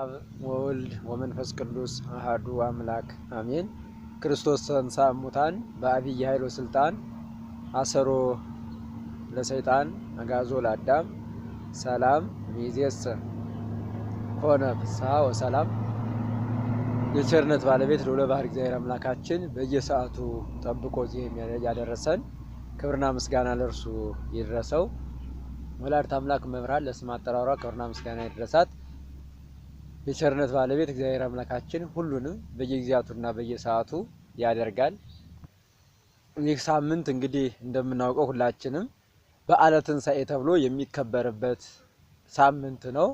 አብ ወወልድ ወመንፈስ ቅዱስ አህዱ አምላክ አሜን። ክርስቶስ ተንሥአ እሙታን በአብይ ኃይል ወሥልጣን አሰሮ ለሰይጣን አግዓዞ ለአዳም ሰላም ሚዜሰ ኮነ ፍስሐ ወሰላም። የቸርነት ባለቤት ልዑለ ባሕርይ እግዚአብሔር አምላካችን በየሰዓቱ ጠብቆ እዚህ ያደረሰን ክብርና ምስጋና ለእርሱ ይድረሰው። ወላዲተ አምላክ መብርሃን ለስም አጠራሯ ክብርና ምስጋና ይድረሳት። የቸርነት ባለቤት እግዚአብሔር አምላካችን ሁሉንም በየጊዜያቱና በየሰዓቱ ያደርጋል። ይህ ሳምንት እንግዲህ እንደምናውቀው ሁላችንም በዓለ ትንሣኤ ተብሎ የሚከበርበት ሳምንት ነው።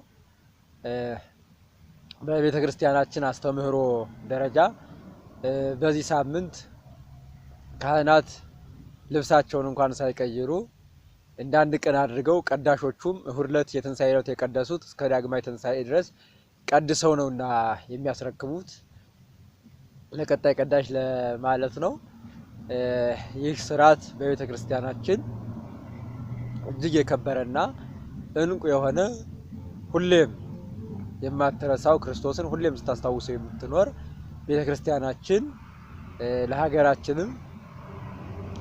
በቤተ ክርስቲያናችን አስተምህሮ ደረጃ በዚህ ሳምንት ካህናት ልብሳቸውን እንኳን ሳይቀይሩ እንዳንድ ቀን አድርገው ቀዳሾቹም እሁድ ዕለት የትንሣኤ ዕለት የቀደሱት እስከ ዳግማ ትንሣኤ ድረስ ቀድሰው ነው እና የሚያስረክቡት ለቀጣይ ቀዳሽ ለማለት ነው። ይህ ስርዓት በቤተ ክርስቲያናችን እጅግ የከበረና እንቁ የሆነ ሁሌም የማትረሳው ክርስቶስን ሁሌም ስታስታውሰው የምትኖር ቤተ ክርስቲያናችን ለሀገራችንም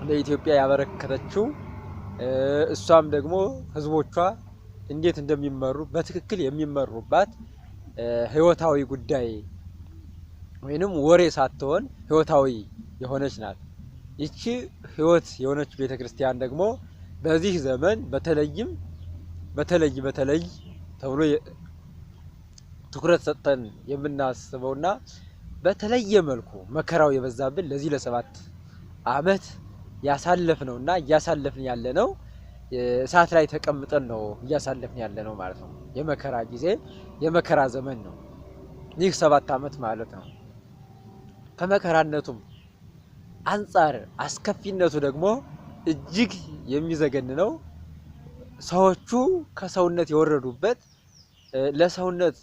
ለኢትዮጵያ ያበረከተችው እሷም ደግሞ ህዝቦቿ እንዴት እንደሚመሩ በትክክል የሚመሩባት ህይወታዊ ጉዳይ ወይንም ወሬ ሳትሆን ህይወታዊ የሆነች ናት። ይቺ ህይወት የሆነች ቤተ ክርስቲያን ደግሞ በዚህ ዘመን በተለይም በተለይ በተለይ ተብሎ ትኩረት ሰጥተን የምናስበውና በተለየ መልኩ መከራው የበዛብን ለዚህ ለሰባት አመት ያሳለፍ እና እያሳለፍን ያለ ነው እሳት ላይ ተቀምጠን ነው እያሳለፍን ያለ ነው ማለት ነው። የመከራ ጊዜ የመከራ ዘመን ነው ይህ ሰባት ዓመት ማለት ነው። ከመከራነቱም አንጻር አስከፊነቱ ደግሞ እጅግ የሚዘገን ነው። ሰዎቹ ከሰውነት የወረዱበት ለሰውነት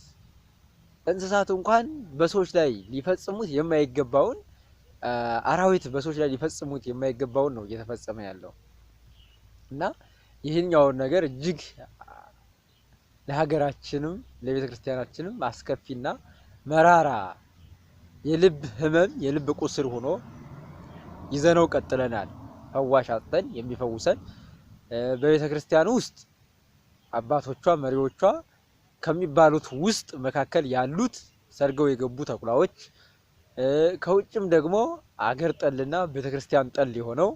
እንስሳት እንኳን በሰዎች ላይ ሊፈጽሙት የማይገባውን አራዊት በሰዎች ላይ ሊፈጽሙት የማይገባውን ነው እየተፈጸመ ያለው እና ይህኛውን ነገር እጅግ ለሀገራችንም ለቤተ ክርስቲያናችንም አስከፊና መራራ የልብ ህመም የልብ ቁስል ሆኖ ይዘነው ቀጥለናል። ፈዋሽ አጥተን የሚፈውሰን በቤተ ክርስቲያን ውስጥ አባቶቿ መሪዎቿ ከሚባሉት ውስጥ መካከል ያሉት ሰርገው የገቡ ተኩላዎች ከውጭም ደግሞ አገር ጠልና ቤተ ክርስቲያን ጠል የሆነው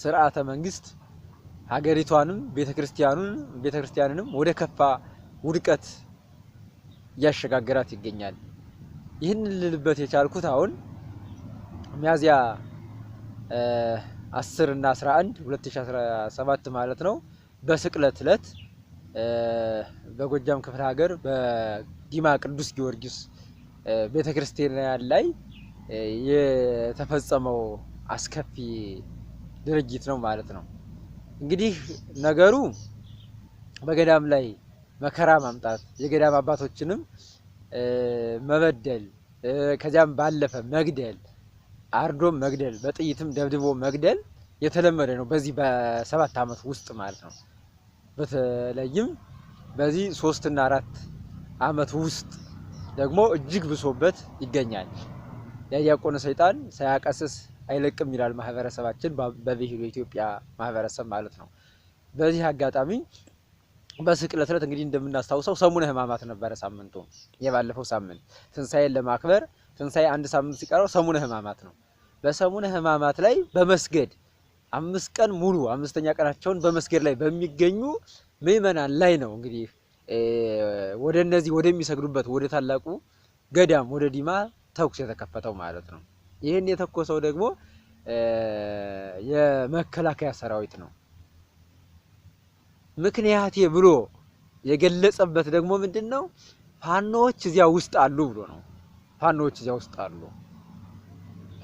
ስርዓተ መንግስት ሀገሪቷንም ቤተክርስቲያኑን ቤተክርስቲያንንም ወደ ከፋ ውድቀት እያሸጋገራት ይገኛል። ይህን ልልበት የቻልኩት አሁን ሚያዝያ 10 እና 11 2017 ማለት ነው በስቅለት ዕለት በጎጃም ክፍለ ሀገር በዲማ ቅዱስ ጊዮርጊስ ቤተክርስቲያን ላይ የተፈጸመው አስከፊ ድርጅት ነው ማለት ነው። እንግዲህ ነገሩ በገዳም ላይ መከራ ማምጣት የገዳም አባቶችንም መበደል ከዚያም ባለፈ መግደል አርዶም መግደል በጥይትም ደብድቦ መግደል የተለመደ ነው በዚህ በሰባት ዓመት ውስጥ ማለት ነው። በተለይም በዚህ ሶስትና አራት ዓመት ውስጥ ደግሞ እጅግ ብሶበት ይገኛል። ያ ዲያቆነ ሰይጣን ሳያቀስስ አይለቅም ይላል ማህበረሰባችን፣ በብሔሩ የኢትዮጵያ ማህበረሰብ ማለት ነው። በዚህ አጋጣሚ በስቅለት ዕለት እንግዲህ እንደምናስታውሰው ሰሙነ ሕማማት ነበረ ሳምንቱ የባለፈው ሳምንት ትንሣኤን ለማክበር ትንሣኤ አንድ ሳምንት ሲቀረው ሰሙነ ሕማማት ነው። በሰሙነ ሕማማት ላይ በመስገድ አምስት ቀን ሙሉ አምስተኛ ቀናቸውን በመስገድ ላይ በሚገኙ ምእመናን ላይ ነው እንግዲህ ወደ እነዚህ ወደሚሰግዱበት ወደ ታላቁ ገዳም ወደ ዲማ ተኩስ የተከፈተው ማለት ነው። ይህን የተኮሰው ደግሞ የመከላከያ ሰራዊት ነው። ምክንያቴ ብሎ የገለጸበት ደግሞ ምንድን ነው? ፋኖዎች እዚያ ውስጥ አሉ ብሎ ነው። ፋኖዎች እዚያ ውስጥ አሉ፣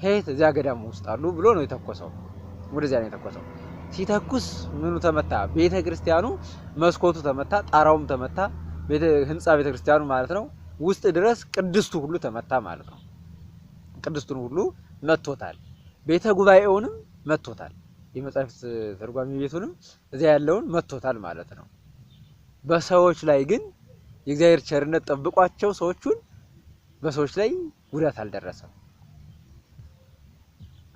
ሄት እዚያ ገዳም ውስጥ አሉ ብሎ ነው የተኮሰው። ወደዚያ ነው የተኮሰው። ሲተኩስ ምኑ ተመታ? ቤተ ክርስቲያኑ መስኮቱ ተመታ፣ ጣራውም ተመታ፣ ህንፃ ቤተ ክርስቲያኑ ማለት ነው። ውስጥ ድረስ ቅድስቱ ሁሉ ተመታ ማለት ነው። ቅድስቱን ሁሉ መቶታል። ቤተ ጉባኤውንም መቶታል። የመጻሕፍት ተርጓሚ ቤቱንም እዚያ ያለውን መቶታል ማለት ነው። በሰዎች ላይ ግን የእግዚአብሔር ቸርነት ጠብቋቸው ሰዎቹን በሰዎች ላይ ጉዳት አልደረሰም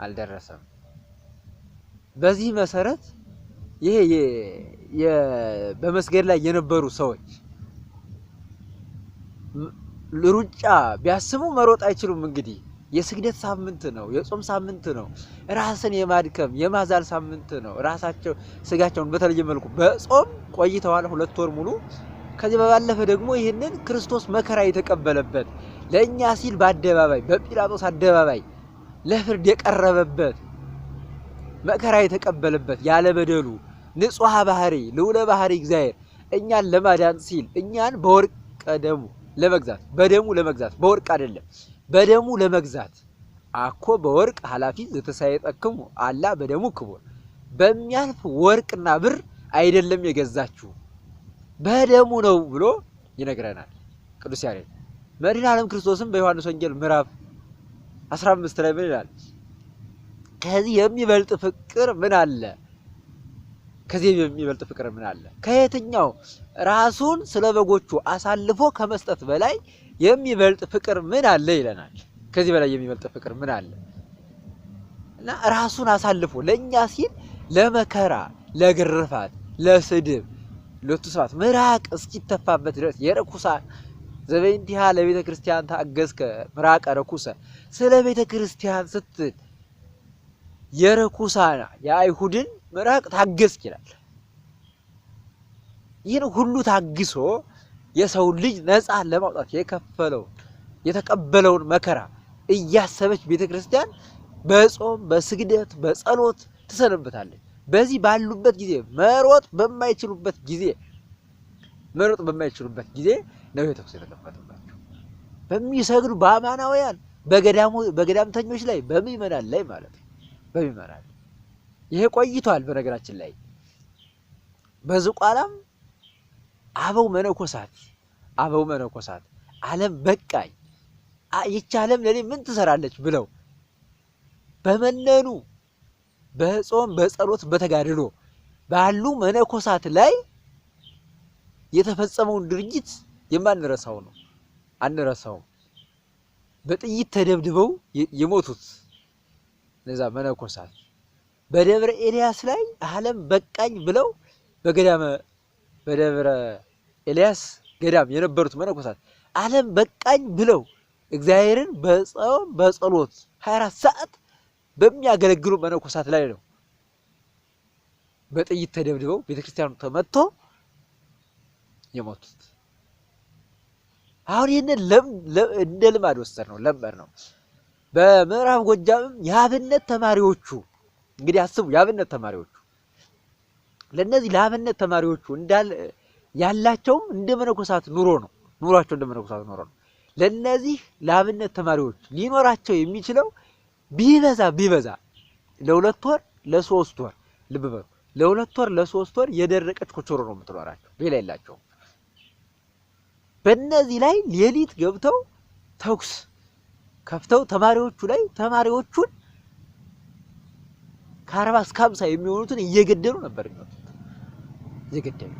አልደረሰም። በዚህ መሰረት ይሄ በመስገድ ላይ የነበሩ ሰዎች ሩጫ ቢያስቡ መሮጥ አይችሉም እንግዲህ የስግደት ሳምንት ነው። የጾም ሳምንት ነው። ራስን የማድከም የማዛል ሳምንት ነው። ራሳቸው ስጋቸውን በተለየ መልኩ በጾም ቆይተዋል ሁለት ወር ሙሉ። ከዚህ በባለፈ ደግሞ ይህንን ክርስቶስ መከራ የተቀበለበት ለእኛ ሲል በአደባባይ በጲላጦስ አደባባይ ለፍርድ የቀረበበት መከራ የተቀበለበት ያለ በደሉ ንጹሐ ባህሪ ልውለ ባህሪ እግዚአብሔር እኛን ለማዳን ሲል እኛን በወርቅ ደሙ ለመግዛት በደሙ ለመግዛት በወርቅ አይደለም በደሙ ለመግዛት አኮ በወርቅ ኃላፊ ዘተሳየጠክሙ አላ በደሙ ክቡር በሚያልፍ ወርቅና ብር አይደለም የገዛችሁ በደሙ ነው ብሎ ይነግረናል ቅዱስ ያሬድ። መድኃኔ ዓለም ክርስቶስም በዮሐንስ ወንጌል ምዕራፍ 15 ላይ ምን ይላል? ከዚህ የሚበልጥ ፍቅር ምን አለ? ከዚህ የሚበልጥ ፍቅር ምን አለ? ከየትኛው ራሱን ስለ በጎቹ አሳልፎ ከመስጠት በላይ የሚበልጥ ፍቅር ምን አለ ይለናል። ከዚህ በላይ የሚበልጥ ፍቅር ምን አለ? እና ራሱን አሳልፎ ለእኛ ሲል ለመከራ፣ ለግርፋት፣ ለስድብ፣ ለቱ ስርዓት ምራቅ እስኪተፋበት ድረስ የረኩሳ ዘበእንቲሃ ለቤተ ክርስቲያን ታገዝከ ምራቀ ረኩሰ ስለ ቤተ ክርስቲያን ስትል የርኩሳን የአይሁድን ምራቅ ታገዝክ ይላል። ይህን ሁሉ ታግሶ የሰው ልጅ ነፃ ለማውጣት የከፈለው የተቀበለውን መከራ እያሰበች ቤተ ክርስቲያን በጾም በስግደት በጸሎት ትሰነብታለች። በዚህ ባሉበት ጊዜ መሮጥ በማይችሉበት ጊዜ መሮጥ በማይችሉበት ጊዜ ነው የተኩስ የተከፈተባቸው በሚሰግዱ በአማናውያን በገዳምተኞች ላይ በሚመናን ላይ ማለት ነው። በሚመናን ይሄ ቆይቷል። በነገራችን ላይ በዝቋላም አበው መነኮሳት አበው መነኮሳት ዓለም በቃኝ፣ ይች ዓለም ለእኔ ምን ትሰራለች ብለው በመነኑ በጾም በጸሎት በተጋድሎ ባሉ መነኮሳት ላይ የተፈጸመውን ድርጊት የማንረሳው ነው፣ አንረሳውም። በጥይት ተደብድበው የሞቱት እነዛ መነኮሳት በደብረ ኤልያስ ላይ ዓለም በቃኝ ብለው በገዳመ በደብረ ኤልያስ ገዳም የነበሩት መነኮሳት ዓለም በቃኝ ብለው እግዚአብሔርን በጾም በጸሎት 24 ሰዓት በሚያገለግሉ መነኮሳት ላይ ነው በጥይት ተደብድበው ቤተክርስቲያኑ ተመትቶ የሞቱት። አሁን ይህንን እንደ ልማድ ወሰድ ነው ለመድ ነው። በምዕራብ ጎጃምም የአብነት ተማሪዎቹ እንግዲህ አስቡ፣ የአብነት ተማሪዎቹ ለእነዚህ ለአብነት ተማሪዎቹ እንዳል ያላቸውም እንደ መነኮሳት ኑሮ ነው ኑሯቸው እንደ መነኮሳት ኑሮ ነው። ለእነዚህ ለአብነት ተማሪዎች ሊኖራቸው የሚችለው ቢበዛ ቢበዛ ለሁለት ወር ለሶስት ወር ልብ በሉ፣ ለሁለት ወር ለሶስት ወር የደረቀች ኮቾሮ ነው የምትኖራቸው፣ ሌላ የላቸውም። በእነዚህ ላይ ሌሊት ገብተው ተኩስ ከፍተው ተማሪዎቹ ላይ ተማሪዎቹን ከአርባ እስከ ሀምሳ የሚሆኑትን እየገደሉ ነበር የሚሆኑት። ዝግድ ነው።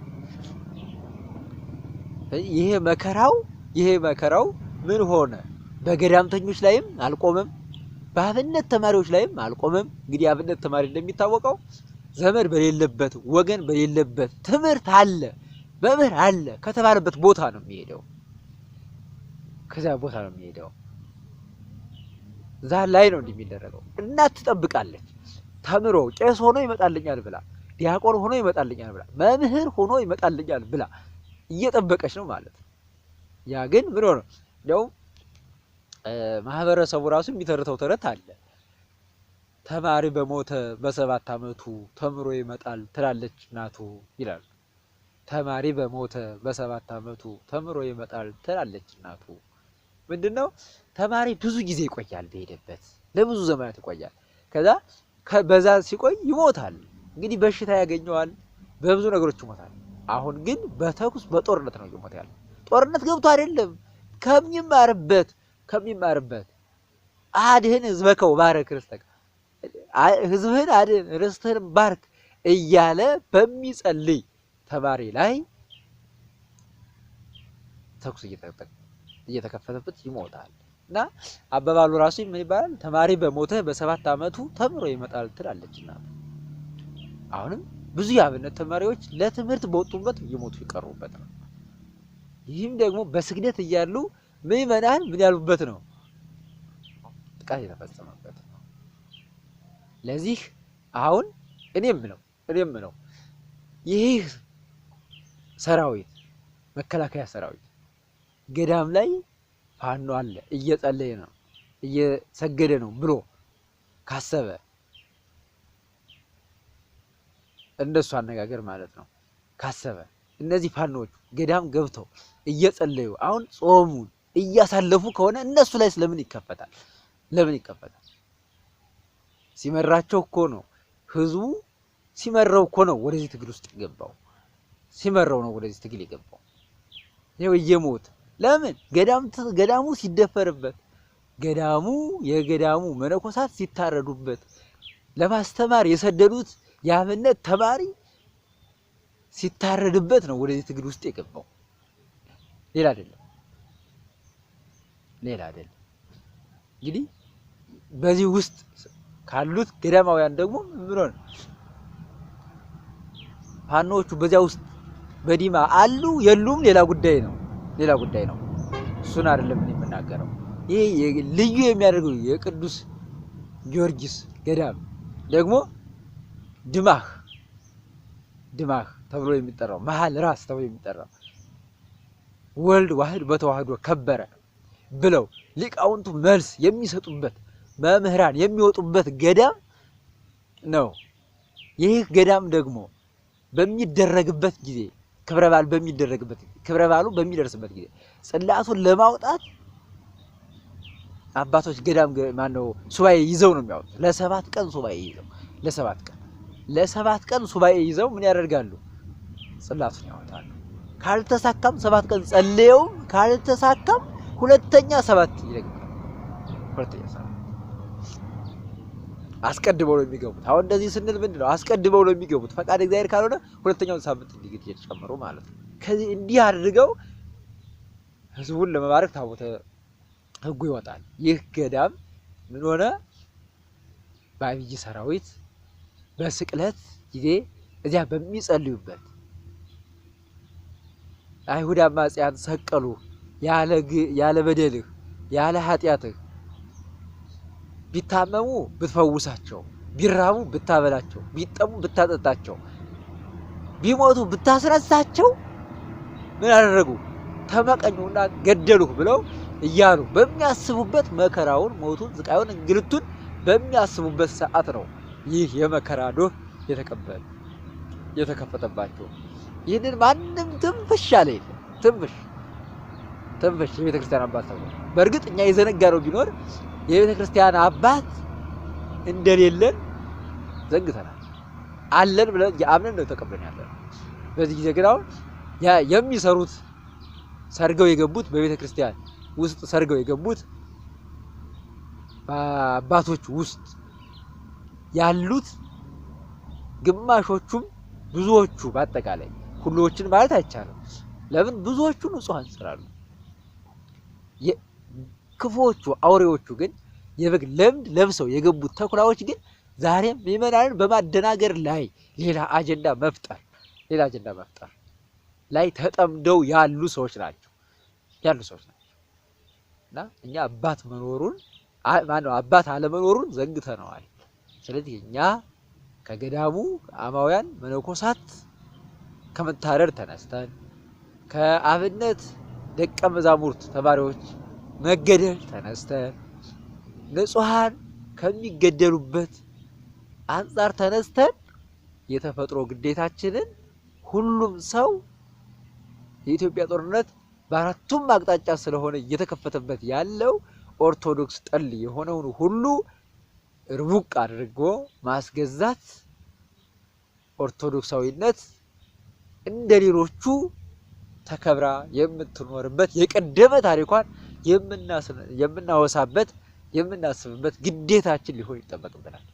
ይሄ መከራው ይሄ መከራው ምን ሆነ? በገዳምተኞች ላይም አልቆመም፣ በአብነት ተማሪዎች ላይም አልቆመም። እንግዲህ አብነት ተማሪ እንደሚታወቀው ዘመድ በሌለበት ወገን በሌለበት ትምህርት አለ መምህር አለ ከተባለበት ቦታ ነው የሚሄደው። ከዚያ ቦታ ነው የሚሄደው። እዛ ላይ ነው እንደሚደረገው። እናት ትጠብቃለች። ተምሮ ቄስ ሆኖ ይመጣልኛል ብላ ዲያቆን ሆኖ ይመጣልኛል ብላ መምህር ሆኖ ይመጣልኛል ብላ እየጠበቀች ነው ማለት ያ ግን ምን ሆነ? እንዲያውም ማህበረሰቡ ራሱ የሚተርተው ተረት አለ። ተማሪ በሞተ በሰባት ዓመቱ ተምሮ ይመጣል ትላለች እናቱ ይላል። ተማሪ በሞተ በሰባት ዓመቱ ተምሮ ይመጣል ትላለች እናቱ። ምንድን ነው ተማሪ ብዙ ጊዜ ይቆያል፣ በሄደበት ለብዙ ዘመናት ይቆያል። ከዛ በዛ ሲቆይ ይሞታል። እንግዲህ በሽታ ያገኘዋል፣ በብዙ ነገሮች ይሞታል። አሁን ግን በተኩስ በጦርነት ነው እየሞተ ያለ። ጦርነት ገብቶ አይደለም ከሚማርበት ከሚማርበት አድህን ህዝበከው ባረክ ርስተከ ህዝብህን አድህን ርስትህን ባርክ እያለ በሚጸልይ ተማሪ ላይ ተኩስ እየተከፈተበት ይሞታል። እና አባባሉ ራሱ ምን ይባላል? ተማሪ በሞተ በሰባት ዓመቱ ተምሮ ይመጣል ትላለች እናቱ። አሁንም ብዙ የአብነት ተማሪዎች ለትምህርት በወጡበት እየሞቱ ይቀሩበት ነው። ይህም ደግሞ በስግደት እያሉ ምዕመናን ምን ያሉበት ነው? ጥቃት የተፈጸመበት ነው። ለዚህ አሁን እኔም ነው እኔም ነው ይህ ሰራዊት መከላከያ ሰራዊት ገዳም ላይ ፋኖ አለ እየጸለየ ነው እየሰገደ ነው ብሎ ካሰበ እንደሱ አነጋገር ማለት ነው ካሰበ እነዚህ ፋኖች ገዳም ገብተው እየጸለዩ አሁን ጾሙን እያሳለፉ ከሆነ እነሱ ላይ ስለምን ይከፈታል? ለምን ይከፈታል? ሲመራቸው እኮ ነው ህዝቡ ሲመረው እኮ ነው ወደዚህ ትግል ውስጥ የገባው። ሲመረው ነው ወደዚህ ትግል የገባው። ይኸው እየሞት ለምን ገዳሙ ሲደፈርበት፣ ገዳሙ የገዳሙ መነኮሳት ሲታረዱበት፣ ለማስተማር የሰደዱት የአብነት ተማሪ ሲታረድበት ነው ወደዚህ ትግል ውስጥ የገባው። ሌላ አይደለም፣ ሌላ አይደለም። እንግዲህ በዚህ ውስጥ ካሉት ገዳማውያን ደግሞ ምን ፋኖቹ በዚያ ውስጥ በዲማ አሉ የሉም፣ ሌላ ጉዳይ ነው፣ ሌላ ጉዳይ ነው። እሱን አይደለም የምናገረው። ይህ ልዩ የሚያደርገው የቅዱስ ጊዮርጊስ ገዳም ደግሞ ድማህ ድማህ ተብሎ የሚጠራው መሀል ራስ ተብሎ የሚጠራው ወልድ ዋህድ በተዋህዶ ከበረ ብለው ሊቃውንቱ መልስ የሚሰጡበት መምህራን የሚወጡበት ገዳም ነው። ይህ ገዳም ደግሞ በሚደረግበት ጊዜ ክብረ በዓል በሚደረግበት ክብረ በዓሉ በሚደርስበት ጊዜ ጽላቱን ለማውጣት አባቶች ገዳም ማነው ሱባኤ ይዘው ነው የሚያወጡት። ለሰባት ቀን ሱባኤ ይዘው ለሰባት ቀን ለሰባት ቀን ሱባኤ ይዘው ምን ያደርጋሉ? ጽላቱን ያወጣሉ። ካልተሳካም ሰባት ቀን ጸልየው ካልተሳካም ሁለተኛ ሰባት ይደግማል። ሁለተኛ ሰባት አስቀድመው ነው የሚገቡት። አሁን እንደዚህ ስንል ምንድን ነው? አስቀድመው ነው የሚገቡት። ፈቃድ እግዚአብሔር ካልሆነ ሁለተኛውን ሳምንት እንዲግት እየተጨመሩ ማለት ነው። ከዚህ እንዲህ አድርገው ህዝቡን ለመባረክ ታቦተ ህጉ ይወጣል። ይህ ገዳም ምን ሆነ? በአብይ ሰራዊት በስቅለት ጊዜ እዚያ በሚጸልዩበት አይሁድ አማጽያን ሰቀሉ ያለ በደልህ ያለ ኃጢአትህ ቢታመሙ ብትፈውሳቸው፣ ቢራቡ ብታበላቸው፣ ቢጠሙ ብታጠጣቸው፣ ቢሞቱ ብታስረሳቸው ምን አደረጉ? ተመቀኙና ገደሉህ ብለው እያሉ በሚያስቡበት መከራውን፣ ሞቱን፣ ስቃዩን፣ እንግልቱን በሚያስቡበት ሰዓት ነው ይህ የመከራ ዶፍ የተከፈተባቸው ይህንን ማንም ትንፍሽ አለ የለም። ትንፍሽ ትንፍሽ የቤተ ክርስቲያን አባት ተብሎ በእርግጥ እኛ የዘነጋነው ቢኖር የቤተ ክርስቲያን አባት እንደሌለን ዘንግተናል። አለን ብለን የአምነን ነው ተቀብለን ያለ። በዚህ ጊዜ ግን አሁን የሚሰሩት ሰርገው የገቡት በቤተ ክርስቲያን ውስጥ ሰርገው የገቡት በአባቶች ውስጥ ያሉት ግማሾቹም ብዙዎቹ በአጠቃላይ ሁሎችን ማለት አይቻልም። ለምን ብዙዎቹ ንጹሐን ስላሉ፣ ክፉዎቹ አውሬዎቹ ግን የበግ ለምድ ለብሰው የገቡት ተኩላዎች ግን ዛሬም ምዕመናንን በማደናገር ላይ ሌላ አጀንዳ መፍጠር ሌላ አጀንዳ መፍጠር ላይ ተጠምደው ያሉ ሰዎች ናቸው ያሉ ሰዎች ናቸው እና እኛ አባት መኖሩን ማነው አባት አለመኖሩን ዘንግተነዋል። ስለዚህ እኛ ከገዳሙ አማውያን መነኮሳት ከመታረድ ተነስተን ከአብነት ደቀ መዛሙርት ተማሪዎች መገደል ተነስተን ንጹሐን ከሚገደሉበት አንጻር ተነስተን የተፈጥሮ ግዴታችንን ሁሉም ሰው የኢትዮጵያ ጦርነት በአራቱም አቅጣጫ ስለሆነ እየተከፈተበት ያለው ኦርቶዶክስ ጠል የሆነውን ሁሉ እርቡቅ አድርጎ ማስገዛት ኦርቶዶክሳዊነት እንደ ሌሎቹ ተከብራ የምትኖርበት የቀደመ ታሪኳን የምናወሳበት የምናስብበት ግዴታችን ሊሆን ይጠበቅብናል።